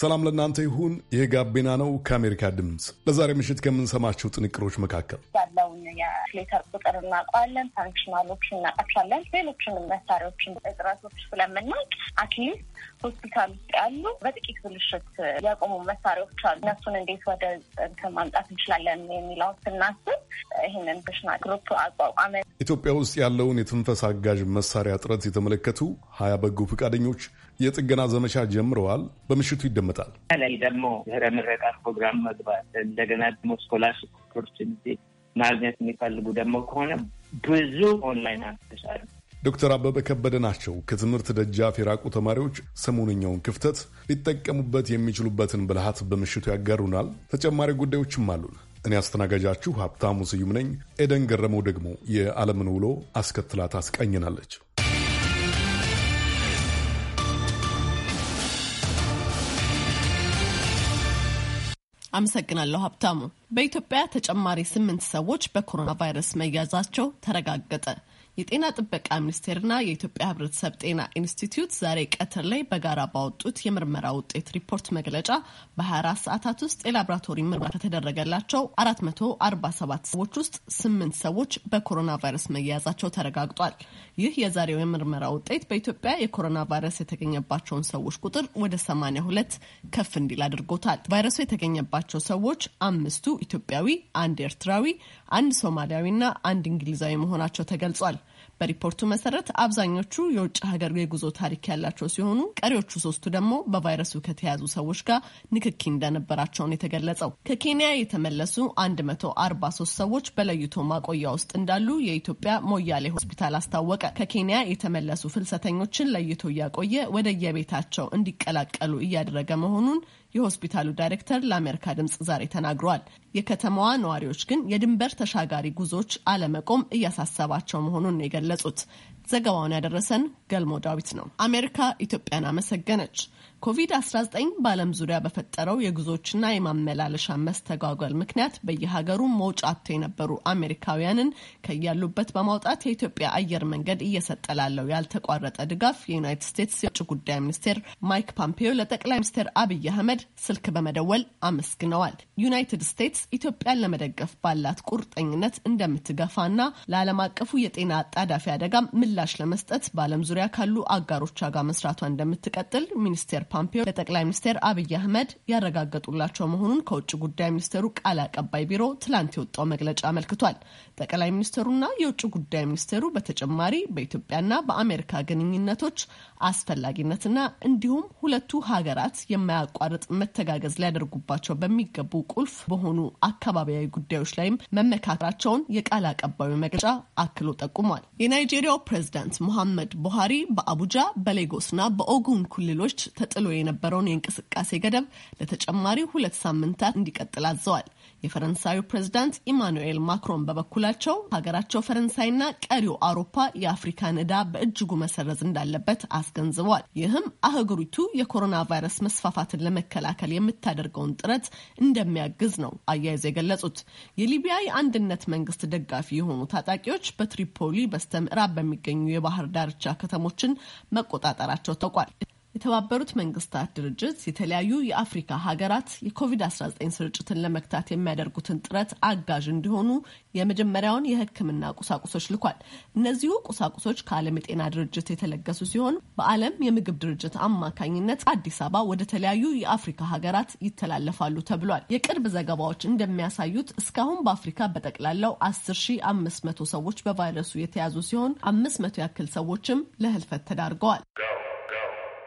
ሰላም ለእናንተ ይሁን። ይህ ጋቢና ነው ከአሜሪካ ድምፅ። ለዛሬ ምሽት ከምንሰማቸው ጥንቅሮች መካከል ያለውን የፍሌተር ቁጥር እናውቀዋለን፣ ፋንክሽናሎች እናውቃቸዋለን። ሌሎችንም መሳሪያዎችን እጥረቶች ስለምናውቅ አትሊስት ሆስፒታል ውስጥ ያሉ በጥቂት ብልሽት ያቆሙ መሳሪያዎች አሉ። እነሱን እንዴት ወደ እንትን ማምጣት እንችላለን የሚለው ስናስብ ይህንን ብሽና ግሩፕ አቋቋመ። ኢትዮጵያ ውስጥ ያለውን የትንፈሳ አጋዥ መሳሪያ እጥረት የተመለከቱ ሀያ በጎ ፈቃደኞች የጥገና ዘመቻ ጀምረዋል። በምሽቱ ይደመጣል። ላይ ደግሞ ድህረ ምረቃ ፕሮግራም መግባት እንደገና ደግሞ ስኮላርሽፕ ኦፖርቹኒቲ ማግኘት የሚፈልጉ ደግሞ ከሆነ ብዙ ኦንላይን አርተሻል። ዶክተር አበበ ከበደ ናቸው። ከትምህርት ደጃፍ የራቁ ተማሪዎች ሰሞነኛውን ክፍተት ሊጠቀሙበት የሚችሉበትን ብልሃት በምሽቱ ያጋሩናል። ተጨማሪ ጉዳዮችም አሉን። እኔ አስተናጋጃችሁ ሀብታሙ ስዩም ነኝ። ኤደን ገረመው ደግሞ የዓለምን ውሎ አስከትላ ታስቃኝናለች። አመሰግናለሁ ሀብታሙ። በኢትዮጵያ ተጨማሪ ስምንት ሰዎች በኮሮና ቫይረስ መያዛቸው ተረጋገጠ። የጤና ጥበቃ ሚኒስቴርና የኢትዮጵያ ሕብረተሰብ ጤና ኢንስቲትዩት ዛሬ ቀትር ላይ በጋራ ባወጡት የምርመራ ውጤት ሪፖርት መግለጫ በ24 ሰዓታት ውስጥ የላቦራቶሪ ምርመራ ከተደረገላቸው 447 ሰዎች ውስጥ ስምንት ሰዎች በኮሮና ቫይረስ መያዛቸው ተረጋግጧል። ይህ የዛሬው የምርመራ ውጤት በኢትዮጵያ የኮሮና ቫይረስ የተገኘባቸውን ሰዎች ቁጥር ወደ 82 ከፍ እንዲል አድርጎታል። ቫይረሱ የተገኘባቸው ሰዎች አምስቱ ኢትዮጵያዊ፣ አንድ ኤርትራዊ፣ አንድ ሶማሊያዊና አንድ እንግሊዛዊ መሆናቸው ተገልጿል። በሪፖርቱ መሰረት አብዛኞቹ የውጭ ሀገር የጉዞ ታሪክ ያላቸው ሲሆኑ ቀሪዎቹ ሶስቱ ደግሞ በቫይረሱ ከተያዙ ሰዎች ጋር ንክኪ እንደነበራቸውን የተገለጸው። ከኬንያ የተመለሱ 143 ሰዎች በለይቶ ማቆያ ውስጥ እንዳሉ የኢትዮጵያ ሞያሌ ሆስፒታል አስታወቀ። ከኬንያ የተመለሱ ፍልሰተኞችን ለይቶ እያቆየ ወደየቤታቸው እንዲቀላቀሉ እያደረገ መሆኑን የሆስፒታሉ ዳይሬክተር ለአሜሪካ ድምፅ ዛሬ ተናግሯል። የከተማዋ ነዋሪዎች ግን የድንበር ተሻጋሪ ጉዞዎች አለመቆም እያሳሰባቸው መሆኑን ነው የገለጹት። ዘገባውን ያደረሰን ገልሞ ዳዊት ነው። አሜሪካ ኢትዮጵያን አመሰገነች። ኮቪድ-19 በዓለም ዙሪያ በፈጠረው የጉዞዎችና የማመላለሻ መስተጓጓል ምክንያት በየሀገሩ መውጫ አጥተው የነበሩ አሜሪካውያንን ከያሉበት በማውጣት የኢትዮጵያ አየር መንገድ እየሰጠ ላለው ያልተቋረጠ ድጋፍ የዩናይትድ ስቴትስ የውጭ ጉዳይ ሚኒስቴር ማይክ ፖምፔዮ ለጠቅላይ ሚኒስትር አብይ አህመድ ስልክ በመደወል አመስግነዋል። ዩናይትድ ስቴትስ ኢትዮጵያን ለመደገፍ ባላት ቁርጠኝነት እንደምትገፋና ለዓለም አቀፉ የጤና አጣዳፊ አደጋም ምላሽ ለመስጠት በዓለም ዙሪያ ካሉ አጋሮቿ ጋር መስራቷ እንደምትቀጥል ሚኒስቴር ፖምፒዮ ለጠቅላይ ሚኒስትር አብይ አህመድ ያረጋገጡላቸው መሆኑን ከውጭ ጉዳይ ሚኒስቴሩ ቃል አቀባይ ቢሮ ትላንት የወጣው መግለጫ አመልክቷል። ጠቅላይ ሚኒስትሩና የውጭ ጉዳይ ሚኒስቴሩ በተጨማሪ በኢትዮጵያና በአሜሪካ ግንኙነቶች አስፈላጊነትና እንዲሁም ሁለቱ ሀገራት የማያቋርጥ መተጋገዝ ሊያደርጉባቸው በሚገቡ ቁልፍ በሆኑ አካባቢያዊ ጉዳዮች ላይም መመካከራቸውን የቃል አቀባዩ መግለጫ አክሎ ጠቁሟል። የናይጄሪያው ፕሬዚዳንት ሙሐመድ ቡሃሪ በአቡጃ በሌጎስና በኦጉን ክልሎች ተጥ ጥሎ የነበረውን የእንቅስቃሴ ገደብ ለተጨማሪ ሁለት ሳምንታት እንዲቀጥል አዘዋል። የፈረንሳዩ ፕሬዝዳንት ኢማኑኤል ማክሮን በበኩላቸው ሀገራቸው ፈረንሳይና ቀሪው አውሮፓ የአፍሪካን ዕዳ በእጅጉ መሰረዝ እንዳለበት አስገንዝበዋል። ይህም አህጉሪቱ የኮሮና ቫይረስ መስፋፋትን ለመከላከል የምታደርገውን ጥረት እንደሚያግዝ ነው አያይዘ የገለጹት። የሊቢያ የአንድነት መንግስት ደጋፊ የሆኑ ታጣቂዎች በትሪፖሊ በስተ ምዕራብ በሚገኙ የባህር ዳርቻ ከተሞችን መቆጣጠራቸው ታውቋል። የተባበሩት መንግስታት ድርጅት የተለያዩ የአፍሪካ ሀገራት የኮቪድ-19 ስርጭትን ለመግታት የሚያደርጉትን ጥረት አጋዥ እንዲሆኑ የመጀመሪያውን የሕክምና ቁሳቁሶች ልኳል። እነዚሁ ቁሳቁሶች ከዓለም የጤና ድርጅት የተለገሱ ሲሆን በዓለም የምግብ ድርጅት አማካኝነት አዲስ አበባ ወደ ተለያዩ የአፍሪካ ሀገራት ይተላለፋሉ ተብሏል። የቅርብ ዘገባዎች እንደሚያሳዩት እስካሁን በአፍሪካ በጠቅላላው 10500 ሰዎች በቫይረሱ የተያዙ ሲሆን 500 ያክል ሰዎችም ለህልፈት ተዳርገዋል።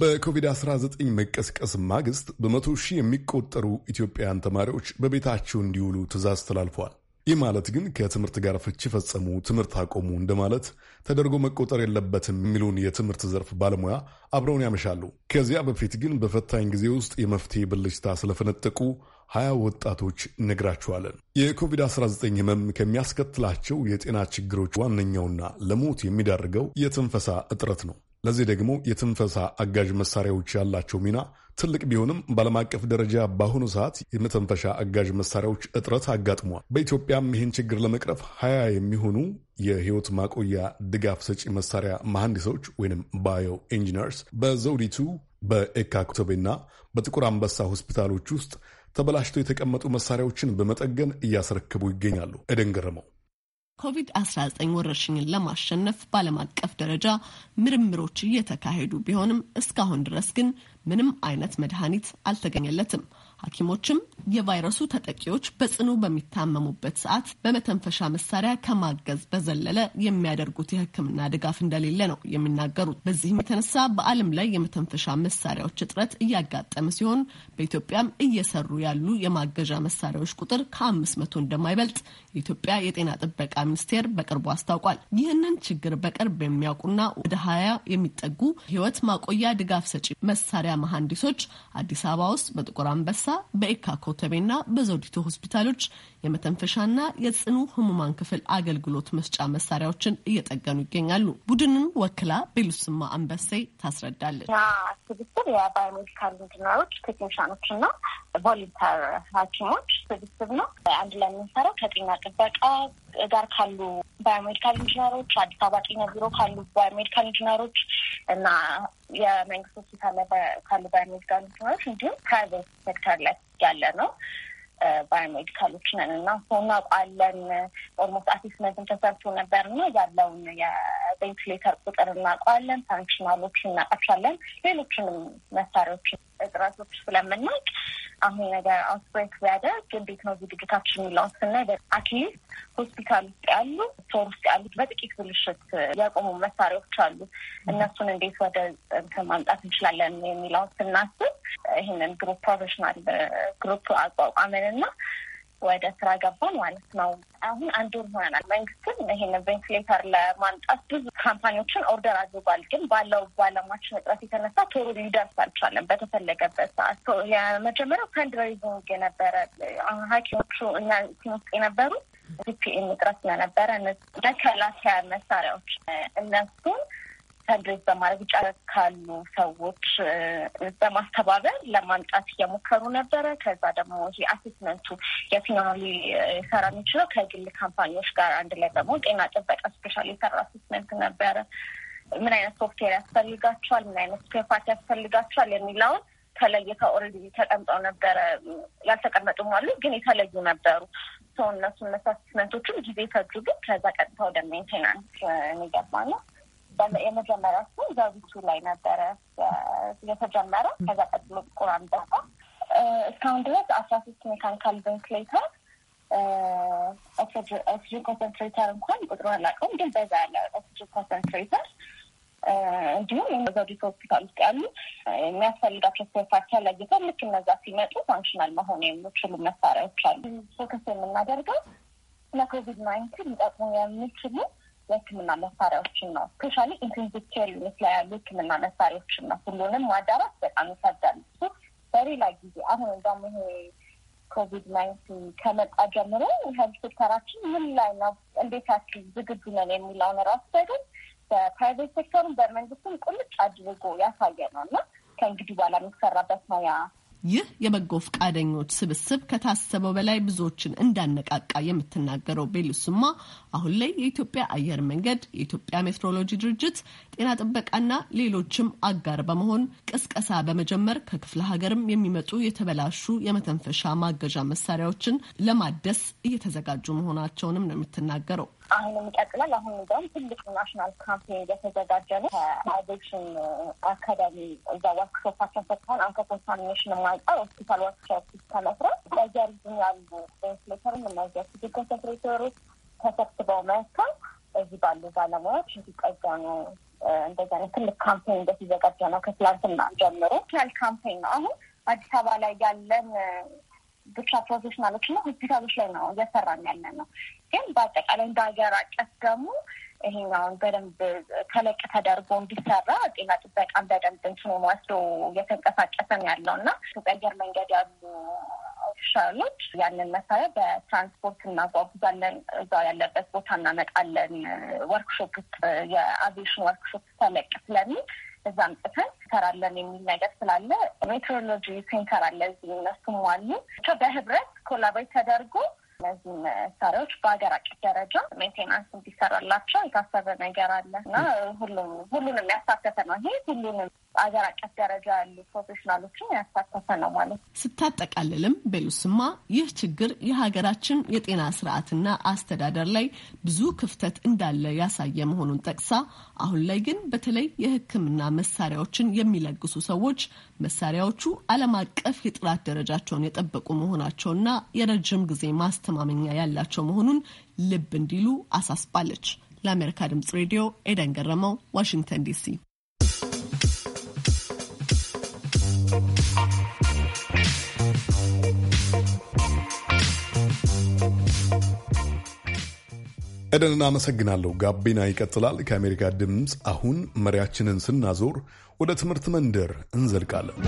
በኮቪድ-19 መቀስቀስ ማግስት በመቶ ሺህ የሚቆጠሩ ኢትዮጵያውያን ተማሪዎች በቤታቸው እንዲውሉ ትዕዛዝ ተላልፏል። ይህ ማለት ግን ከትምህርት ጋር ፍቺ ፈጸሙ፣ ትምህርት አቆሙ እንደማለት ተደርጎ መቆጠር የለበትም የሚሉን የትምህርት ዘርፍ ባለሙያ አብረውን ያመሻሉ። ከዚያ በፊት ግን በፈታኝ ጊዜ ውስጥ የመፍትሄ ብልጭታ ስለፈነጠቁ ሀያ ወጣቶች ነግራችኋለን የኮቪድ የኮቪድ-19 ህመም ከሚያስከትላቸው የጤና ችግሮች ዋነኛውና ለሞት የሚዳርገው የትንፈሳ እጥረት ነው። ለዚህ ደግሞ የትንፈሳ አጋዥ መሳሪያዎች ያላቸው ሚና ትልቅ ቢሆንም በዓለም አቀፍ ደረጃ በአሁኑ ሰዓት የመተንፈሻ አጋዥ መሳሪያዎች እጥረት አጋጥሟል። በኢትዮጵያም ይህን ችግር ለመቅረፍ ሀያ የሚሆኑ የህይወት ማቆያ ድጋፍ ሰጪ መሳሪያ መሐንዲሶች ወይም ባዮ ኢንጂነርስ በዘውዲቱ በኤካ ኮተቤና በጥቁር አንበሳ ሆስፒታሎች ውስጥ ተበላሽተው የተቀመጡ መሳሪያዎችን በመጠገን እያስረክቡ ይገኛሉ። ኤደን ገረመው ኮቪድ-19 ወረርሽኝን ለማሸነፍ በዓለም አቀፍ ደረጃ ምርምሮች እየተካሄዱ ቢሆንም እስካሁን ድረስ ግን ምንም አይነት መድኃኒት አልተገኘለትም። ሐኪሞችም የቫይረሱ ተጠቂዎች በጽኑ በሚታመሙበት ሰዓት በመተንፈሻ መሳሪያ ከማገዝ በዘለለ የሚያደርጉት የሕክምና ድጋፍ እንደሌለ ነው የሚናገሩት። በዚህም የተነሳ በዓለም ላይ የመተንፈሻ መሳሪያዎች እጥረት እያጋጠመ ሲሆን በኢትዮጵያም እየሰሩ ያሉ የማገዣ መሳሪያዎች ቁጥር ከአምስት መቶ እንደማይበልጥ የኢትዮጵያ የጤና ጥበቃ ሚኒስቴር በቅርቡ አስታውቋል። ይህንን ችግር በቅርብ የሚያውቁና ወደ ሀያ የሚጠጉ ህይወት ማቆያ ድጋፍ ሰጪ መሳሪያ መሐንዲሶች አዲስ አበባ ውስጥ በጥቁር አንበሳ በኤካ ኮተቤና በዘውዲቱ ሆስፒታሎች የመተንፈሻና የጽኑ ህሙማን ክፍል አገልግሎት መስጫ መሳሪያዎችን እየጠገኑ ይገኛሉ። ቡድንን ወክላ ቤሉስማ አንበሴ ታስረዳለች። ስብስብ የባዮሜዲካል ኢንጂነሮች፣ ቴክኒሽያኖች እና ቮሊንተር ሐኪሞች ስብስብ ነው። አንድ ላይ የምንሰራው ከጤና ጥበቃ ጋር ካሉ ባዮሜዲካል ኢንጂነሮች፣ አዲስ አበባ ጤና ቢሮ ካሉ ባዮሜዲካል ኢንጂነሮች እና የመንግስት ሆስፒታል ካሉ ባዮሜዲካል ኢንጂነሮች እንዲሁም ፕራይቬት ሴክተር ላይ ያለ ነው ባዮሜዲካሎች ነን እና እናውቃለን። ኦልሞስት አሴስመንትም ተሰርቶ ነበር እና ያለውን የቬንትሌተር ቁጥር እናውቀዋለን። ፋንክሽናሎች እናውቃቸዋለን። ሌሎችንም መሳሪያዎች ጥረቶች ስለምናውቅ አሁን ነገር አውትብሬክ ቢያደርግ እንዴት ነው ዝግጅታችን የሚለውን ስናይ አትሊስት ሆስፒታል ውስጥ ያሉ ስቶር ውስጥ ያሉት በጥቂት ብልሽት ያቆሙ መሳሪያዎች አሉ። እነሱን እንዴት ወደ እንትን ማምጣት እንችላለን የሚለውን ስናስብ ይህንን ግሩፕ ፕሮፌሽናል ግሩፕ አቋቋምን አቋቋመንና ወደ ስራ ገባን ማለት ነው። አሁን አንድ ወር ሆነናል። መንግስትም ይሄን ቬንትሌተር ለማምጣት ብዙ ካምፓኒዎችን ኦርደር አድርጓል። ግን ባለው ባለሙያችን እጥረት የተነሳ ቶሎ ሊደርስ አልቻለም በተፈለገበት ሰዓት። የመጀመሪያው ፈንድሬይዚንግ የነበረ ሐኪሞቹ እና ውስጥ የነበሩ ፒፒኤም እጥረት ስለነበረ መከላከያ መሳሪያዎች እነሱን ፈንድሬዝ በማድረግ ውጭ ካሉ ሰዎች በማስተባበር ለማምጣት እየሞከሩ ነበረ። ከዛ ደግሞ ይሄ አሴስመንቱ የፊኖሊ ሰራ የሚችለው ከግል ካምፓኒዎች ጋር አንድ ላይ ደግሞ ጤና ጥበቃ ስፔሻል የሰራ አሴስመንት ነበረ። ምን አይነት ሶፍትዌር ያስፈልጋቸዋል፣ ምን አይነት ስፔር ያስፈልጋቸዋል የሚለውን ተለይተው ኦልሬዲ ተቀምጠው ነበረ። ያልተቀመጡም አሉ፣ ግን የተለዩ ነበሩ። ሰው እነሱ አሴስመንቶቹም ጊዜ ፈጁ፣ ግን ከዛ ቀጥታ ወደ ሜንቴናንስ የሚገባ ነው። የመጀመሪያ እሱ ዘውዲቱ ላይ ነበረ የተጀመረ። ከዛ ቀጥሎ ቁራን ሚጠፋ እስካሁን ድረስ አስራ ሶስት ሜካኒካል ቬንትሌተር ኦክሲጅን ኮንሰንትሬተር እንኳን ቁጥሩ አላውቀውም፣ ግን በዛ ያለ ኦክሲጅን ኮንሰንትሬተር እንዲሁም ዘውዲቱ ሆስፒታል ውስጥ ያሉ የሚያስፈልጋቸው ስፔርፓርቸር ለይተው ልክ እነዛ ሲመጡ ፋንክሽናል መሆን የሚችሉ መሳሪያዎች አሉ። ፎክስ የምናደርገው ለኮቪድ ናይንቲን ሊጠቅሙ የሚችሉ የህክምና መሳሪያዎችን ነው። ስፔሻሊ ኢንቴንሲቭ ኬር ዩኒት ላይ ያሉ ህክምና መሳሪያዎችን ነው። ሁሉንም ማዳራት በጣም ይከብዳል። እሱ በሌላ ጊዜ አሁን እንደውም ይሄ ኮቪድ ናይንቲን ከመጣ ጀምሮ ሄልዝ ሴክተራችን ምን ላይ ነው፣ እንዴት ያክል ዝግጁ ነን የሚለውን ራሱ በግን በፕራይቬት ሴክተሩን በመንግስትም ቁልጭ አድርጎ ያሳየ ነው እና ከእንግዲህ በኋላ የሚሰራበት ነው ያ ይህ የበጎ ፈቃደኞች ስብስብ ከታሰበው በላይ ብዙዎችን እንዳነቃቃ የምትናገረው ቤሉስማ አሁን ላይ የኢትዮጵያ አየር መንገድ፣ የኢትዮጵያ ሜትሮሎጂ ድርጅት፣ ጤና ጥበቃና ሌሎችም አጋር በመሆን ቅስቀሳ በመጀመር ከክፍለ ሀገርም የሚመጡ የተበላሹ የመተንፈሻ ማገዣ መሳሪያዎችን ለማደስ እየተዘጋጁ መሆናቸውንም ነው የምትናገረው። አሁንም ይቀጥላል። አሁን እንዲያውም ትልቅ ናሽናል ካምፔን እየተዘጋጀ ነው። ከአዶፕሽን አካዳሚ እዛ ወርክሾፓቸውን አንከ አንከኮንታሚኔሽን ማንጻር ሆስፒታል ወርክሾፕ ከመስራት በጀርዝን ያሉ ቬንትሌተርም እነዚያ ሲቪል ኮንሰንትሬተሮች ተሰብስበው መጥተው እዚህ ባሉ ባለሙያዎች ነው። እንደዚህ አይነት ትልቅ ካምፔን እንደተዘጋጀ ነው። ከትላንትና ጀምሮ ናሽናል ካምፔን ነው። አሁን አዲስ አበባ ላይ ያለን ብቻ ፕሮፌሽናሎች እና ሆስፒታሎች ላይ ነው እየሰራን ያለን ነው። ግን በአጠቃላይ እንደ ሀገር አቀፍ ደግሞ ይሄኛውን በደንብ ተለቅ ተደርጎ እንዲሰራ ጤና ጥበቃን በደንብ እንትኑ ወስዶ እየተንቀሳቀሰን ያለው እና በአየር መንገድ ያሉ ኦፊሻሎች ያንን መሳሪያ በትራንስፖርት እናጓጉዛለን፣ እዛው ያለበት ቦታ እናመጣለን። ወርክሾፕ ውስጥ የአቪዬሽን ወርክሾፕ ተለቅ ስለሚል እዛ አምጥተን እንሰራለን የሚል ነገር ስላለ ሜትሮሎጂ ሴንተር አለ እዚህ እነሱም አሉ ብቻ በህብረት ኮላቦሬት ተደርጎ እነዚህ መሳሪያዎች በሀገር አቀፍ ደረጃ ሜንቴናንስ እንዲሰራላቸው የታሰበ ነገር አለ እና ሁሉም ሁሉንም ያሳተፈ ነው። ይሄ ሁሉንም አገር አቀፍ ደረጃ ያሉ ፕሮፌሽናሎችን ያሳተፈ ነው ማለት ነው። ስታጠቃልልም ቤሉስማ ይህ ችግር የሀገራችን የጤና ስርዓትና አስተዳደር ላይ ብዙ ክፍተት እንዳለ ያሳየ መሆኑን ጠቅሳ አሁን ላይ ግን በተለይ የሕክምና መሳሪያዎችን የሚለግሱ ሰዎች መሳሪያዎቹ ዓለም አቀፍ የጥራት ደረጃቸውን የጠበቁ መሆናቸውና የረጅም ጊዜ ማስተማመኛ ያላቸው መሆኑን ልብ እንዲሉ አሳስባለች። ለአሜሪካ ድምጽ ሬዲዮ ኤደን ገረመው ዋሽንግተን ዲሲ ቀደን እናመሰግናለሁ። ጋቢና ይቀጥላል። ከአሜሪካ ድምፅ አሁን መሪያችንን ስናዞር ወደ ትምህርት መንደር እንዘልቃለን።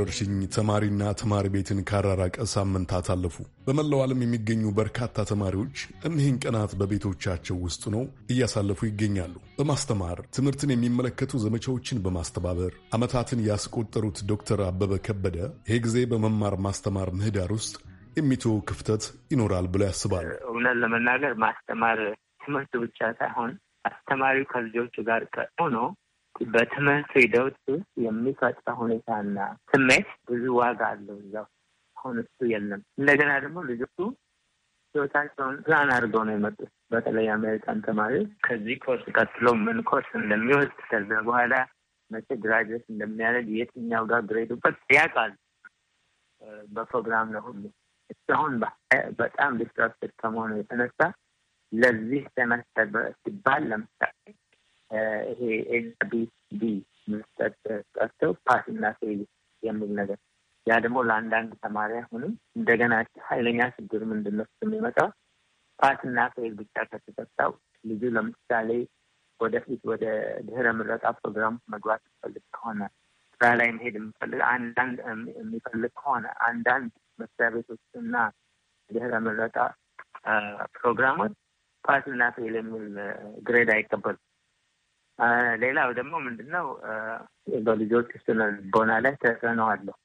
ወረርሽኝ ተማሪና ተማሪ ቤትን ካራራቀ ሳምንታት አለፉ። በመላው ዓለም የሚገኙ በርካታ ተማሪዎች እኒህን ቀናት በቤቶቻቸው ውስጥ ነው እያሳለፉ ይገኛሉ። በማስተማር ትምህርትን የሚመለከቱ ዘመቻዎችን በማስተባበር ዓመታትን ያስቆጠሩት ዶክተር አበበ ከበደ ይሄ ጊዜ በመማር ማስተማር ምህዳር ውስጥ የሚቶ ክፍተት ይኖራል ብሎ ያስባል። እውነት ለመናገር ማስተማር ትምህርት ብቻ ሳይሆን አስተማሪው ከልጆቹ ጋር ቀጥሞ በትምህርት ሂደት ውስጥ የሚፈጥረ ሁኔታና ስሜት ብዙ ዋጋ አለው። እዛው አሁን እሱ የለም። እንደገና ደግሞ ልጆቹ ህይወታቸውን ፕላን አድርገው ነው የመጡት። በተለይ አሜሪካን ተማሪ ከዚህ ኮርስ ቀጥሎ ምን ኮርስ እንደሚወስድ ከዛ በኋላ መቼ ግራጁዌት እንደሚያደርግ የትኛው ጋር ግሬዱ በቃ ያውቃል። በፕሮግራም ነው ሁሉ እስካሁን በጣም ዲስትራክትድ ከመሆኑ የተነሳ ለዚህ ሴመስተር ሲባል ለምሳሌ ይሄ ቢ መስጠት ጠርተው ፓስና ፌል የሚል ነገር ያ ደግሞ ለአንዳንድ ተማሪ አሁንም እንደገና ኃይለኛ ችግር ምንድን ነው የሚመጣው ፓስና ፌል ብቻ ከተሰጠው ልጁ ለምሳሌ ወደፊት ወደ ድህረ ምረቃ ፕሮግራም መግባት የሚፈልግ ከሆነ ስራ ላይ መሄድ የሚፈልግ አንዳንድ የሚፈልግ ከሆነ አንዳንድ መስሪያ ቤቶች እና ድህረ ምረቃ ፕሮግራሞች ፓስና ፌል የሚል ግሬድ አይቀበሉም። ሌላው ደግሞ ምንድን ነው በልጆች ስነ ልቦና ላይ ተጽዕኖ አለው።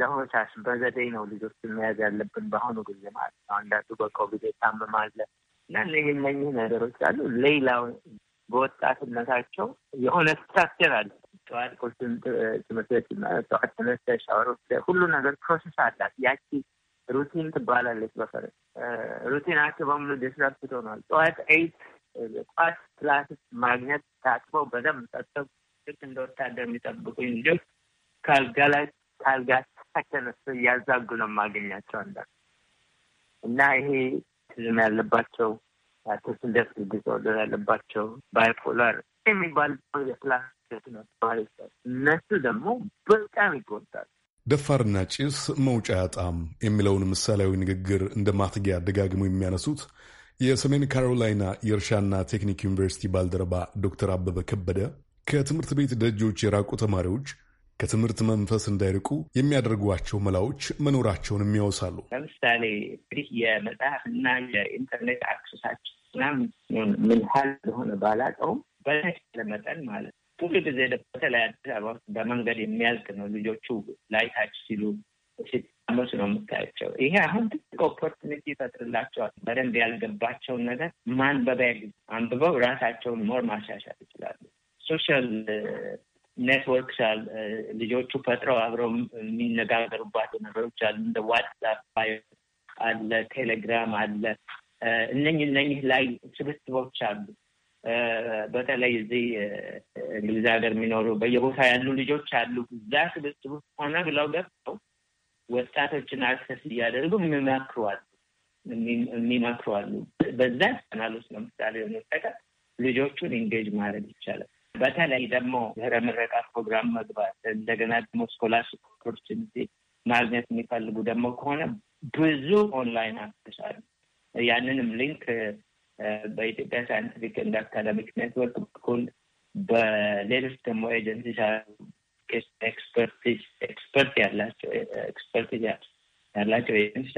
ለሆሳስ በዘዴ ነው ልጆች መያዝ ያለብን በአሁኑ ጊዜ ማለት ነው። አንዳንዱ በኮቪድ የታመማለ እና እነዚህ እነኚህ ነገሮች አሉ። ሌላው በወጣትነታቸው የሆነ ስትራክቸር አለ። ጠዋት ቁርስን ትምህርት ቤት፣ ጠዋት ትምህርት፣ ሻወር፣ ሁሉ ነገር ፕሮሰስ አላት። ያቺ ሩቲን ትባላለች። በፈረ ሩቲናቸው በሙሉ ዲስራፕት ሆኗል። ጠዋት ኤይት ኳስ ፕላክስ ማግኘት ታጥበው በደንብ ጠጥተው ልክ እንደ ወታደር የሚጠብቁ ልጆች ካልጋ ላይ ካልጋ ተነስቶ እያዛጉ ነው የማገኛቸው አንዳ እና ይሄ ትዝም ያለባቸው አቶ ስደት ዲስኦርደር ያለባቸው ባይፖላር የሚባል የፕላክስ ነው ተማሪዎች እነሱ ደግሞ በጣም ይጎዳል። ደፋርና ጭስ መውጫ ያጣም የሚለውን ምሳሌያዊ ንግግር እንደ ማትጊያ ደጋግሞ የሚያነሱት የሰሜን ካሮላይና የእርሻና ቴክኒክ ዩኒቨርሲቲ ባልደረባ ዶክተር አበበ ከበደ ከትምህርት ቤት ደጆች የራቁ ተማሪዎች ከትምህርት መንፈስ እንዳይርቁ የሚያደርጓቸው መላዎች መኖራቸውን የሚያወሳሉ። ለምሳሌ እንግዲህ የመጽሐፍና የኢንተርኔት አክሰሳችንና ምን ያህል እንደሆነ ባላቀውም በተቻለ መጠን ማለት ሁሉ ጊዜ በተለይ አዲስ አበባ በመንገድ የሚያልቅ ነው ልጆቹ ላይታች ሲሉ ሐሙስ ነው የምታያቸው። ይሄ አሁን ትልቅ ኦፖርቹኒቲ ይፈጥርላቸዋል። በደንብ ያልገባቸውን ነገር ማንበቢያ ጊዜ አንብበው ራሳቸውን ሞር ማሻሻል ይችላሉ። ሶሻል ኔትወርክ አሉ። ልጆቹ ፈጥረው አብረው የሚነጋገሩባቸው ነገሮች አሉ። እንደ ዋትሳፕ አለ፣ ቴሌግራም አለ። እነኝህ እነኝህ ላይ ስብስቦች አሉ። በተለይ እዚህ እንግሊዝ ሀገር የሚኖሩ በየቦታ ያሉ ልጆች አሉ። እዛ ስብስብ ሆነ ብለው ገብተው ወጣቶችን አክሰስ እያደረጉ የሚመክሯል የሚመክሯሉ በዛ ቻናል ውስጥ ለምሳሌ በመጠቀም ልጆቹን ኢንጌጅ ማድረግ ይቻላል። በተለይ ደግሞ ድህረ ምረቃ ፕሮግራም መግባት እንደገና ደግሞ ስኮላርሽፕ ኦፖርቹኒቲ ማግኘት የሚፈልጉ ደግሞ ከሆነ ብዙ ኦንላይን አክሰስ አሉ። ያንንም ሊንክ በኢትዮጵያ ሳይንቲፊክ እንደ አካዳሚክ ኔትወርክ በኩል በሌሎች ደግሞ ኤጀንሲ ኤክስፐርት ያላቸው ኤክስፐርት ያላቸው ኤጀንሲ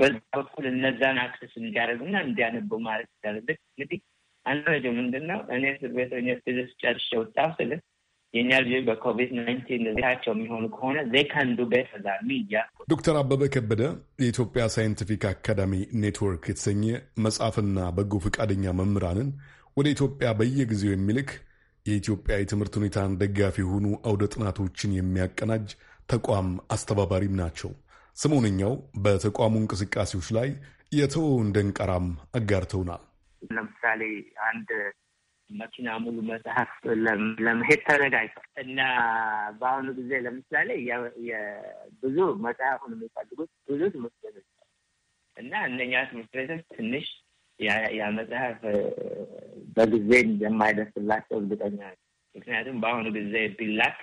በዛ በኩል እነዛን አክሰስ እንዲያደርጉና እንዲያነቡ ማለት ይቻላል። እንግዲህ አንዱ ምንድን ነው እኔ እስር ቤት ሆኜ ፊዚክስ ጨርሼ ወጣሁ ስልህ የእኛ ልጆች በኮቪድ ናይንቲን ቸው የሚሆኑ ከሆነ ዘካንዱ በተዛሚ እያልኩ ዶክተር አበበ ከበደ የኢትዮጵያ ሳይንቲፊክ አካዳሚ ኔትወርክ የተሰኘ መጽሐፍና በጎ ፈቃደኛ መምህራንን ወደ ኢትዮጵያ በየጊዜው የሚልክ የኢትዮጵያ የትምህርት ሁኔታን ደጋፊ የሆኑ አውደ ጥናቶችን የሚያቀናጅ ተቋም አስተባባሪም ናቸው። ሰሞነኛው በተቋሙ እንቅስቃሴዎች ላይ የተወውን ደንቀራም አጋርተውናል። ለምሳሌ አንድ መኪና ሙሉ መጽሐፍ ለመሄድ ተዘጋጅቷል እና በአሁኑ ጊዜ ለምሳሌ ብዙ መጽሐፉን የሚፈልጉት ብዙ ትምህርት ቤቶች እና እነኛ ትምህርት ቤቶች ትንሽ ያ መጽሐፍ በጊዜ እንደማይደርስላቸው እርግጠኛ ምክንያቱም በአሁኑ ጊዜ ቢላክ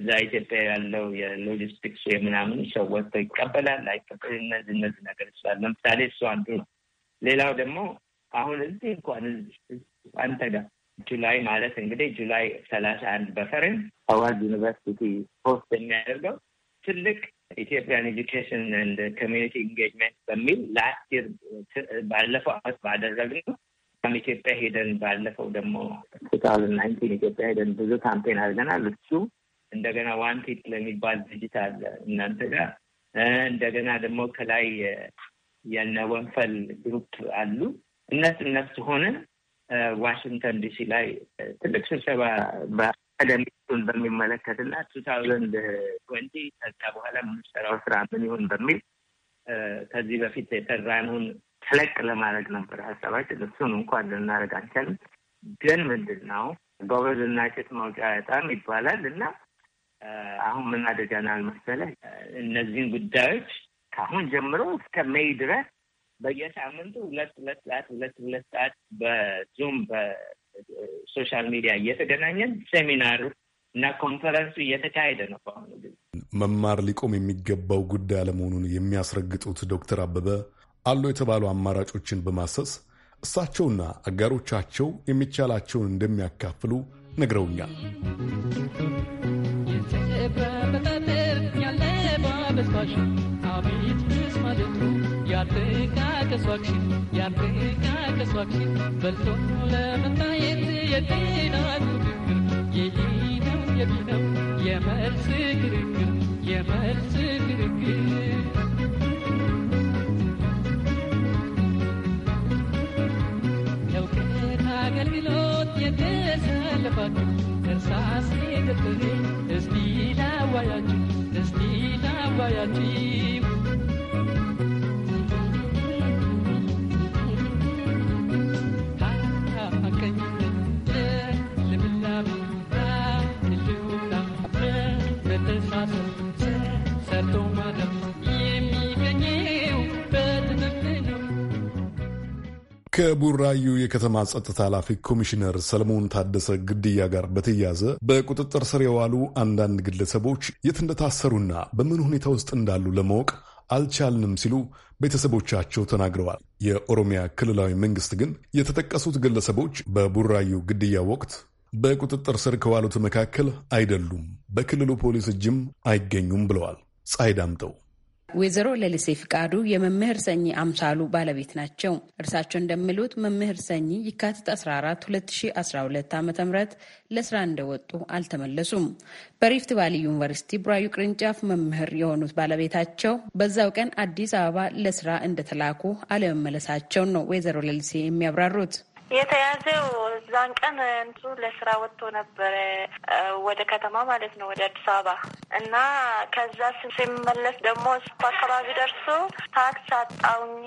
እዛ ኢትዮጵያ ያለው የሎጂስቲክሱ የምናምን ሰው ወጥቶ ይቀበላል አይቀበል፣ እነዚህ እነዚህ ነገር ይችላል። ለምሳሌ እሱ አንዱ ነው። ሌላው ደግሞ አሁን እዚህ እንኳን አንተ ጋር ጁላይ ማለት እንግዲህ ጁላይ ሰላሳ አንድ በፈረን ሀዋርድ ዩኒቨርሲቲ ፖስት የሚያደርገው ትልቅ ኢትዮጵያን ኤዱኬሽን ኤንድ ኮሚኒቲ ኢንጌጅመንት በሚል ለአስት ባለፈው አመት ባደረግነው ኢትዮጵያ ሄደን ባለፈው ደግሞ ቱ ታውዝንድ ናይንቲን ኢትዮጵያ ሄደን ብዙ ካምፔን አድርገናል። እሱ እንደገና ዋን ለሚባል ድርጅት አለ እናንተ ጋር እንደገና ደግሞ ከላይ የነ ወንፈል ግሩፕ አሉ እነሱ እነሱ ሆነን ዋሽንግተን uh, ዲሲ ላይ uh, ትልቅ ስብሰባ አካዳሚክሱን በሚመለከትና ቱ ታውዘንድ ትወንቲ ከዛ በኋላ የምንሰራው ስራ ምን ይሁን በሚል ከዚህ በፊት የሰራነውን ተለቅ ለማድረግ ነበር ሀሳባችን። እሱን እንኳን ልናደርግ አልቻልም። ግን ምንድን ነው ጎበዝ ጎበዝና ጭስ መውጫ በጣም ይባላል እና አሁን ምን አድርገናል መሰለህ እነዚህን ጉዳዮች ከአሁን ጀምሮ እስከ ሜይ ድረስ በየሳምንቱ ሁለት ሁለት ሰዓት ሁለት ሁለት ሰዓት በዙም ሶሻል ሚዲያ እየተገናኘን ሴሚናር እና ኮንፈረንሱ እየተካሄደ ነው። በአሁኑ ጊዜ መማር ሊቆም የሚገባው ጉዳይ አለመሆኑን የሚያስረግጡት ዶክተር አበበ አሉ የተባሉ አማራጮችን በማሰስ እሳቸውና አጋሮቻቸው የሚቻላቸውን እንደሚያካፍሉ ነግረውኛል። I'm የአፍሪካ ከሷክሽን የአፍሪካ ከሷክሽን በልቶ ለመታየት የጤና ውድድር የይነው የቢነው የመልስ ግርግር የመልስ ግርግር አገልግሎት የተሰለፋችሁ እርሳስ ገበሬ እስቲ ላዋያችሁ እስቲ ላዋያችሁ ከቡራዩ የከተማ ጸጥታ ኃላፊ ኮሚሽነር ሰለሞን ታደሰ ግድያ ጋር በተያያዘ በቁጥጥር ስር የዋሉ አንዳንድ ግለሰቦች የት እንደታሰሩና በምን ሁኔታ ውስጥ እንዳሉ ለማወቅ አልቻልንም ሲሉ ቤተሰቦቻቸው ተናግረዋል። የኦሮሚያ ክልላዊ መንግስት ግን የተጠቀሱት ግለሰቦች በቡራዩ ግድያ ወቅት በቁጥጥር ስር ከዋሉት መካከል አይደሉም፣ በክልሉ ፖሊስ እጅም አይገኙም ብለዋል። ፀሐይ ዳምጠው ወይዘሮ ለልሴ ፍቃዱ የመምህር ሰኚ አምሳሉ ባለቤት ናቸው። እርሳቸው እንደሚሉት መምህር ሰኚ የካቲት 14 2012 ዓ ም ለስራ እንደወጡ አልተመለሱም። በሪፍት ቫሊ ዩኒቨርሲቲ ቡራዩ ቅርንጫፍ መምህር የሆኑት ባለቤታቸው በዛው ቀን አዲስ አበባ ለስራ እንደተላኩ አለመመለሳቸውን ነው ወይዘሮ ለልሴ የሚያብራሩት። የተያዘው እዛን ቀን እንሱ ለስራ ወጥቶ ነበረ ወደ ከተማ ማለት ነው፣ ወደ አዲስ አበባ እና ከዛ ሲመለስ ደግሞ እሱ አካባቢ ደርሶ ታክስ አጣውኝ፣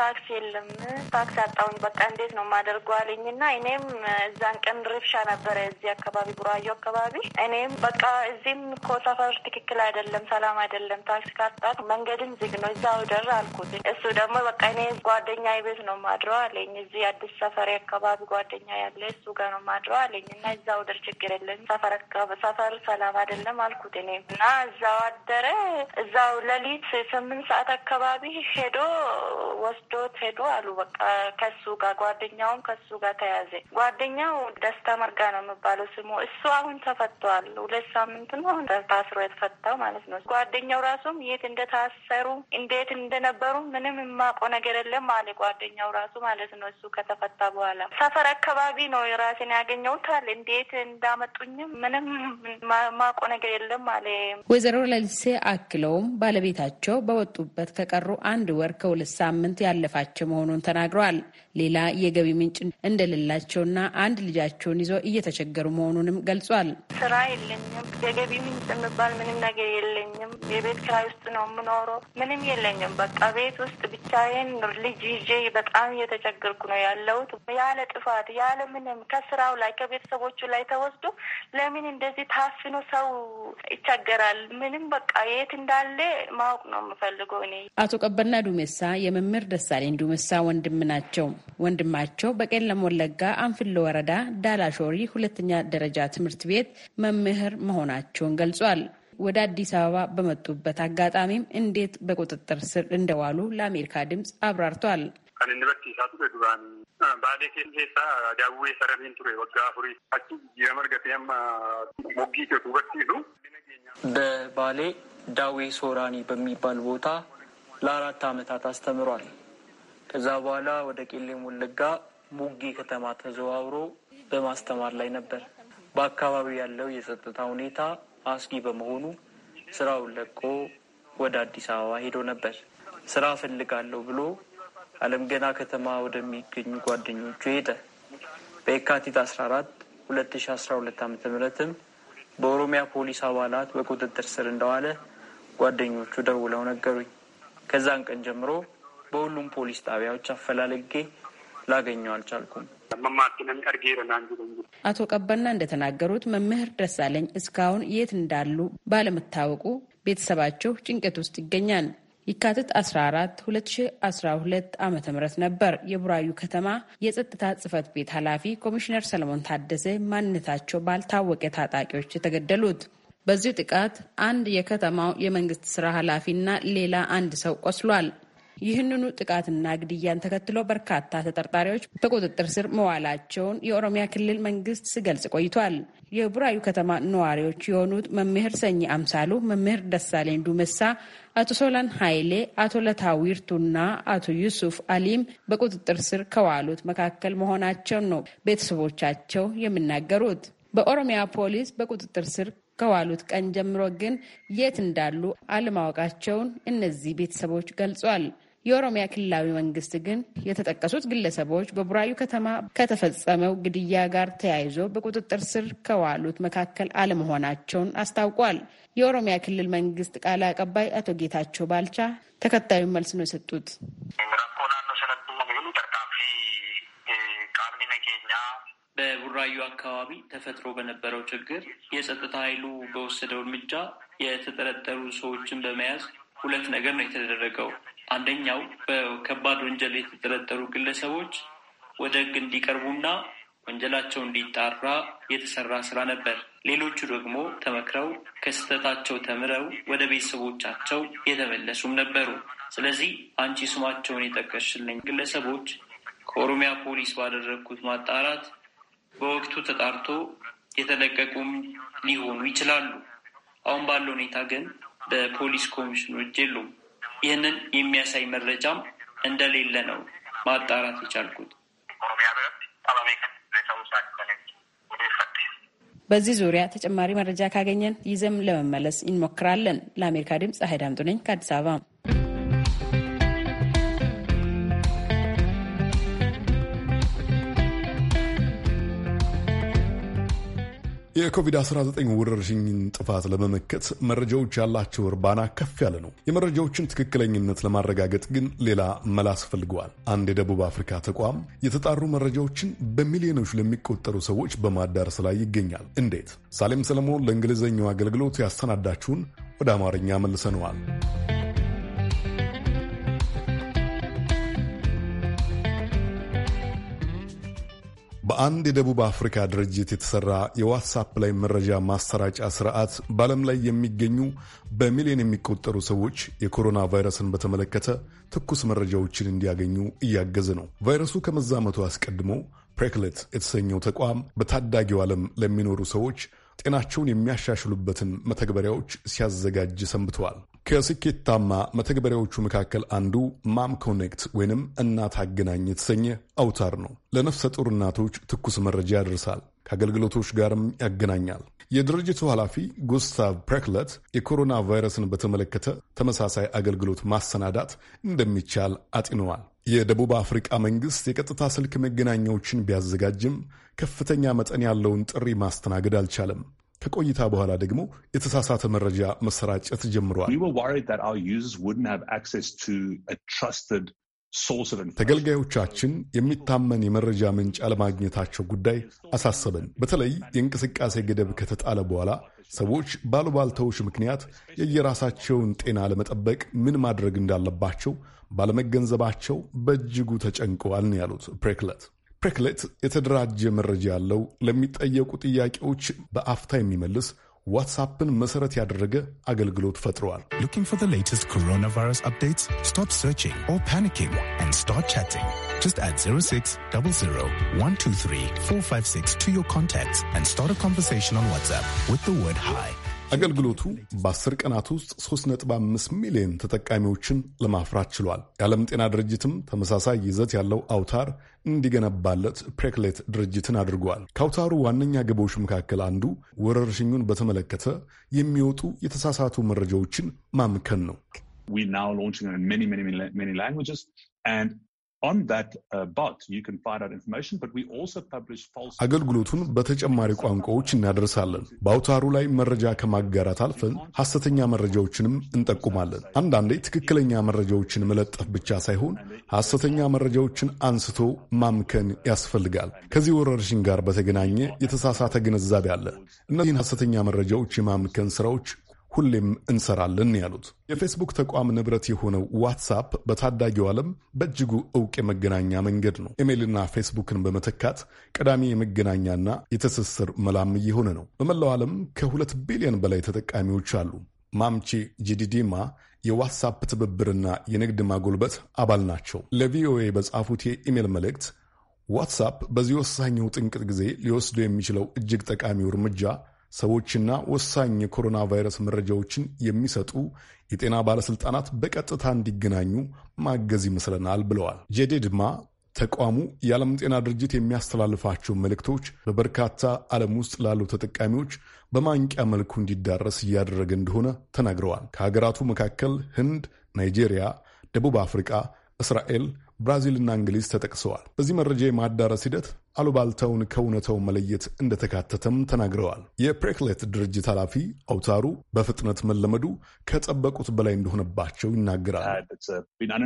ታክስ የለም፣ ታክስ አጣውኝ፣ በቃ እንዴት ነው የማደርገው አለኝ እና እኔም እዛን ቀን ረብሻ ነበረ እዚህ አካባቢ ቡራዩ አካባቢ እኔም በቃ እዚህም እኮ ሰፈር ትክክል አይደለም፣ ሰላም አይደለም፣ ታክስ ካጣት መንገድም ዝግ ነው፣ እዛው ደር አልኩት። እሱ ደግሞ በቃ እኔ ጓደኛ ቤት ነው ማድረው አለኝ እዚህ አዲስ ሰፈር አካባቢ ጓደኛ ያለ እሱ ጋር ነው ማድረው አለኝ እና እዛ ውደር ችግር የለም ሰፈር ሰፈር ሰላም አይደለም አልኩት እኔ እና እዛው አደረ። እዛው ሌሊት ስምንት ሰዓት አካባቢ ሄዶ ወስዶት ሄዶ አሉ በቃ ከሱ ጋር ጓደኛውም ከሱ ጋር ተያዘ። ጓደኛው ደስታ መርጋ ነው የሚባለው ስሙ። እሱ አሁን ተፈቷል። ሁለት ሳምንት ነው አሁን ታስሮ የተፈታው ማለት ነው። ጓደኛው ራሱም የት እንደታሰሩ እንዴት እንደነበሩ ምንም የማውቀው ነገር የለም አለ ጓደኛው ራሱ ማለት ነው። እሱ ከተፈታ በኋላ በኋላ ሰፈር አካባቢ ነው የራሴን ያገኘውታል። እንዴት እንዳመጡኝም ምንም ማቆ ነገር የለም አለ ወይዘሮ ለልሴ አክለውም ባለቤታቸው በወጡበት ከቀሩ አንድ ወር ከሁለት ሳምንት ያለፋቸው መሆኑን ተናግረዋል። ሌላ የገቢ ምንጭ እንደሌላቸውና አንድ ልጃቸውን ይዘው እየተቸገሩ መሆኑንም ገልጿል። ስራ የለኝም፣ የገቢ ምንጭ የሚባል ምንም ነገር የለኝም። የቤት ኪራይ ውስጥ ነው የምኖረው። ምንም የለኝም። በቃ ቤት ውስጥ ብቻዬን ልጅ ይዤ በጣም እየተቸገርኩ ነው ያለሁት። ያለ ጥፋት ያለ ምንም ከስራው ላይ ከቤተሰቦቹ ላይ ተወስዶ ለምን እንደዚህ ታፍኖ ሰው ይቸገራል? ምንም በቃ የት እንዳለ ማወቅ ነው የምፈልገው እኔ። አቶ ቀበና ዱሜሳ የመምህር ደሳለኝ ዱሜሳ ወንድም ናቸው። ወንድማቸው በቄለም ወለጋ አንፍሎ ወረዳ ዳላሾሪ ሁለተኛ ደረጃ ትምህርት ቤት መምህር መሆናቸውን ገልጿል። ወደ አዲስ አበባ በመጡበት አጋጣሚም እንዴት በቁጥጥር ስር እንደዋሉ ለአሜሪካ ድምፅ አብራርቷል። kan inni barsiisaa ture duraanii. Baalee keessaa daawwee sarameen ture waggaa afurii achi jijjiirama argatee amma moggii keessu barsiisu. በባሌ ዳዌ ሶራኒ በሚባል ቦታ ለአራት ዓመታት አስተምሯል። ከዛ በኋላ ወደ ቄሌም ወለጋ ሙጊ ከተማ ተዘዋውሮ በማስተማር ላይ ነበር። በአካባቢው ያለው የጸጥታ ሁኔታ አስጊ በመሆኑ ስራውን ለቆ ወደ አዲስ አበባ ሄዶ ነበር። ስራ እፈልጋለሁ ብሎ አለም ገና ከተማ ወደሚገኙ ጓደኞቹ ሄደ። በየካቲት 14 2012 ዓ ምትም በኦሮሚያ ፖሊስ አባላት በቁጥጥር ስር እንደዋለ ጓደኞቹ ደውለው ነገሩኝ። ከዛን ቀን ጀምሮ በሁሉም ፖሊስ ጣቢያዎች አፈላልጌ ላገኘው አልቻልኩም። አቶ ቀበና እንደተናገሩት መምህር ደሳለኝ እስካሁን የት እንዳሉ ባለመታወቁ ቤተሰባቸው ጭንቀት ውስጥ ይገኛል። ይካትት 14 2012 ዓ ም ነበር የቡራዩ ከተማ የጸጥታ ጽህፈት ቤት ኃላፊ ኮሚሽነር ሰለሞን ታደሰ ማንነታቸው ባልታወቀ ታጣቂዎች የተገደሉት። በዚሁ ጥቃት አንድ የከተማው የመንግስት ስራ ኃላፊና ሌላ አንድ ሰው ቆስሏል። ይህንኑ ጥቃትና ግድያን ተከትሎ በርካታ ተጠርጣሪዎች በቁጥጥር ስር መዋላቸውን የኦሮሚያ ክልል መንግስት ሲገልጽ ቆይቷል። የቡራዩ ከተማ ነዋሪዎች የሆኑት መምህር ሰኚ አምሳሉ፣ መምህር ደሳሌን ዱመሳ፣ አቶ ሶላን ሀይሌ፣ አቶ ለታዊርቱና አቶ ዩሱፍ አሊም በቁጥጥር ስር ከዋሉት መካከል መሆናቸውን ነው ቤተሰቦቻቸው የሚናገሩት። በኦሮሚያ ፖሊስ በቁጥጥር ስር ከዋሉት ቀን ጀምሮ ግን የት እንዳሉ አለማወቃቸውን እነዚህ ቤተሰቦች ገልጿል። የኦሮሚያ ክልላዊ መንግስት ግን የተጠቀሱት ግለሰቦች በቡራዩ ከተማ ከተፈጸመው ግድያ ጋር ተያይዞ በቁጥጥር ስር ከዋሉት መካከል አለመሆናቸውን አስታውቋል። የኦሮሚያ ክልል መንግስት ቃል አቀባይ አቶ ጌታቸው ባልቻ ተከታዩን መልስ ነው የሰጡት። በቡራዩ አካባቢ ተፈጥሮ በነበረው ችግር የጸጥታ ኃይሉ በወሰደው እርምጃ የተጠረጠሩ ሰዎችን በመያዝ ሁለት ነገር ነው የተደረገው። አንደኛው በከባድ ወንጀል የተጠረጠሩ ግለሰቦች ወደ ሕግ እንዲቀርቡና ወንጀላቸው እንዲጣራ የተሰራ ስራ ነበር። ሌሎቹ ደግሞ ተመክረው ከስህተታቸው ተምረው ወደ ቤተሰቦቻቸው የተመለሱም ነበሩ። ስለዚህ አንቺ ስማቸውን የጠቀስሽልኝ ግለሰቦች ከኦሮሚያ ፖሊስ ባደረግኩት ማጣራት በወቅቱ ተጣርቶ የተለቀቁም ሊሆኑ ይችላሉ። አሁን ባለው ሁኔታ ግን በፖሊስ ኮሚሽኑ እጅ የሉም። ይህንን የሚያሳይ መረጃም እንደሌለ ነው ማጣራት የቻልኩት። በዚህ ዙሪያ ተጨማሪ መረጃ ካገኘን ይዘም ለመመለስ እንሞክራለን። ለአሜሪካ ድምፅ ፀሐይ ዳምጡ ነኝ ከአዲስ አበባ። የኮቪድ-19 ወረርሽኝን ጥፋት ለመመከት መረጃዎች ያላቸው እርባና ከፍ ያለ ነው። የመረጃዎችን ትክክለኝነት ለማረጋገጥ ግን ሌላ መላ አስፈልገዋል። አንድ የደቡብ አፍሪካ ተቋም የተጣሩ መረጃዎችን በሚሊዮኖች ለሚቆጠሩ ሰዎች በማዳረስ ላይ ይገኛል። እንዴት? ሳሌም ሰለሞን ለእንግሊዝኛው አገልግሎት ያሰናዳችሁን ወደ አማርኛ መልሰነዋል። በአንድ የደቡብ አፍሪካ ድርጅት የተሰራ የዋትሳፕ ላይ መረጃ ማሰራጫ ስርዓት በዓለም ላይ የሚገኙ በሚሊዮን የሚቆጠሩ ሰዎች የኮሮና ቫይረስን በተመለከተ ትኩስ መረጃዎችን እንዲያገኙ እያገዘ ነው። ቫይረሱ ከመዛመቱ አስቀድሞ ፕሬክሌት የተሰኘው ተቋም በታዳጊው ዓለም ለሚኖሩ ሰዎች ጤናቸውን የሚያሻሽሉበትን መተግበሪያዎች ሲያዘጋጅ ሰንብተዋል። ከስኬታማ መተግበሪያዎቹ መካከል አንዱ ማም ኮኔክት ወይንም እናት አገናኝ የተሰኘ አውታር ነው። ለነፍሰ ጡር እናቶች ትኩስ መረጃ ያደርሳል፣ ከአገልግሎቶች ጋርም ያገናኛል። የድርጅቱ ኃላፊ ጉስታቭ ፕሬክለት የኮሮና ቫይረስን በተመለከተ ተመሳሳይ አገልግሎት ማሰናዳት እንደሚቻል አጢነዋል። የደቡብ አፍሪቃ መንግሥት የቀጥታ ስልክ መገናኛዎችን ቢያዘጋጅም ከፍተኛ መጠን ያለውን ጥሪ ማስተናገድ አልቻለም። ከቆይታ በኋላ ደግሞ የተሳሳተ መረጃ መሰራጨት ጀምረዋል። ተገልጋዮቻችን የሚታመን የመረጃ ምንጭ አለማግኘታቸው ጉዳይ አሳሰበን። በተለይ የእንቅስቃሴ ገደብ ከተጣለ በኋላ ሰዎች ባሉባልታዎች ምክንያት የየራሳቸውን ጤና ለመጠበቅ ምን ማድረግ እንዳለባቸው ባለመገንዘባቸው በእጅጉ ተጨንቀዋል ያሉት ፕሬክለት ፕሬክሌት የተደራጀ መረጃ ያለው ለሚጠየቁ ጥያቄዎች በአፍታ የሚመልስ ዋትሳፕን መሰረት ያደረገ አገልግሎት ፈጥረዋል። Looking for the latest coronavirus updates? Stop searching or panicking and start chatting. Just add 456 to your contacts and start a conversation on WhatsApp with the word hi. አገልግሎቱ በ10 ቀናት ውስጥ 3.5 ሚሊዮን ተጠቃሚዎችን ለማፍራት ችሏል። የዓለም ጤና ድርጅትም ተመሳሳይ ይዘት ያለው አውታር እንዲገነባለት ፕሬክሌት ድርጅትን አድርጓል። ከአውታሩ ዋነኛ ግቦች መካከል አንዱ ወረርሽኙን በተመለከተ የሚወጡ የተሳሳቱ መረጃዎችን ማምከን ነው። Uh, አገልግሎቱን በተጨማሪ ቋንቋዎች እናደርሳለን። በአውታሩ ላይ መረጃ ከማጋራት አልፈን ሐሰተኛ መረጃዎችንም እንጠቁማለን። አንዳንዴ ትክክለኛ መረጃዎችን መለጠፍ ብቻ ሳይሆን ሐሰተኛ መረጃዎችን አንስቶ ማምከን ያስፈልጋል። ከዚህ ወረርሽኝ ጋር በተገናኘ የተሳሳተ ግንዛቤ አለ። እነዚህን ሐሰተኛ መረጃዎች የማምከን ስራዎች ሁሌም እንሰራለን ያሉት የፌስቡክ ተቋም ንብረት የሆነው ዋትሳፕ በታዳጊው ዓለም በእጅጉ እውቅ የመገናኛ መንገድ ነው። ኢሜይልና ፌስቡክን በመተካት ቀዳሚ የመገናኛና የትስስር መላም እየሆነ ነው። በመላው ዓለም ከሁለት ቢሊዮን በላይ ተጠቃሚዎች አሉ። ማምቺ ጂዲዲማ የዋትሳፕ ትብብርና የንግድ ማጎልበት አባል ናቸው። ለቪኦኤ በጻፉት የኢሜይል መልእክት ዋትሳፕ በዚህ ወሳኛው ጥንቅጥ ጊዜ ሊወስዱ የሚችለው እጅግ ጠቃሚው እርምጃ ሰዎችና ወሳኝ የኮሮና ቫይረስ መረጃዎችን የሚሰጡ የጤና ባለስልጣናት በቀጥታ እንዲገናኙ ማገዝ ይመስለናል ብለዋል። ጄዴድማ ተቋሙ የዓለም ጤና ድርጅት የሚያስተላልፋቸው መልእክቶች በበርካታ ዓለም ውስጥ ላሉ ተጠቃሚዎች በማንቂያ መልኩ እንዲዳረስ እያደረገ እንደሆነ ተናግረዋል። ከሀገራቱ መካከል ህንድ፣ ናይጄሪያ፣ ደቡብ አፍሪቃ፣ እስራኤል ብራዚልና እንግሊዝ ተጠቅሰዋል። በዚህ መረጃ የማዳረስ ሂደት አሉባልታውን ከእውነታው መለየት እንደተካተተም ተናግረዋል። የፕሬክሌት ድርጅት ኃላፊ አውታሩ በፍጥነት መለመዱ ከጠበቁት በላይ እንደሆነባቸው ይናገራል። uh,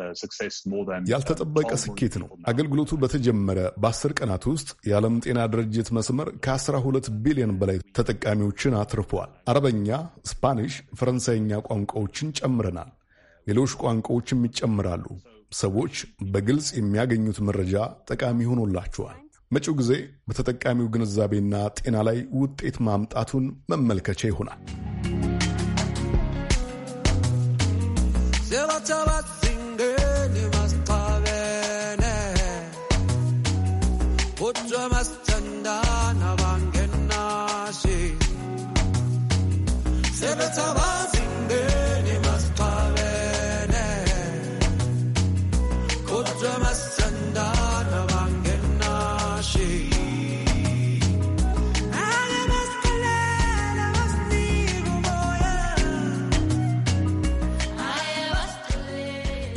uh, uh, ያልተጠበቀ ስኬት ነው። አገልግሎቱ በተጀመረ በአስር ቀናት ውስጥ የዓለም ጤና ድርጅት መስመር ከ12 ቢሊዮን በላይ ተጠቃሚዎችን አትርፏል። አረበኛ፣ ስፓኒሽ፣ ፈረንሳይኛ ቋንቋዎችን ጨምረናል። ሌሎች ቋንቋዎችም ይጨምራሉ። ሰዎች በግልጽ የሚያገኙት መረጃ ጠቃሚ ሆኖላችኋል። መጪው ጊዜ በተጠቃሚው ግንዛቤና ጤና ላይ ውጤት ማምጣቱን መመልከቻ ይሆናል። It's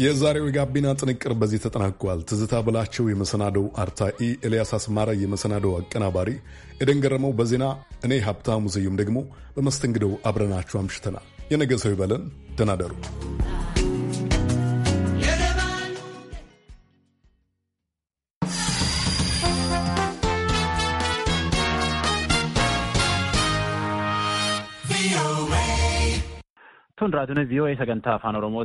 የዛሬው የጋቢና ጥንቅር በዚህ ተጠናቋል። ትዝታ ብላቸው የመሰናዶው አርታኢ፣ ኤልያስ አስማራ የመሰናዶው አቀናባሪ፣ ኤደን ገረመው በዜና እኔ ሀብታሙ ስዩም ደግሞ በመስተንግደው አብረናችሁ አምሽተናል። የነገ ሰው ይበለን። ደህና እደሩ። Kun raadiyoon vii'oo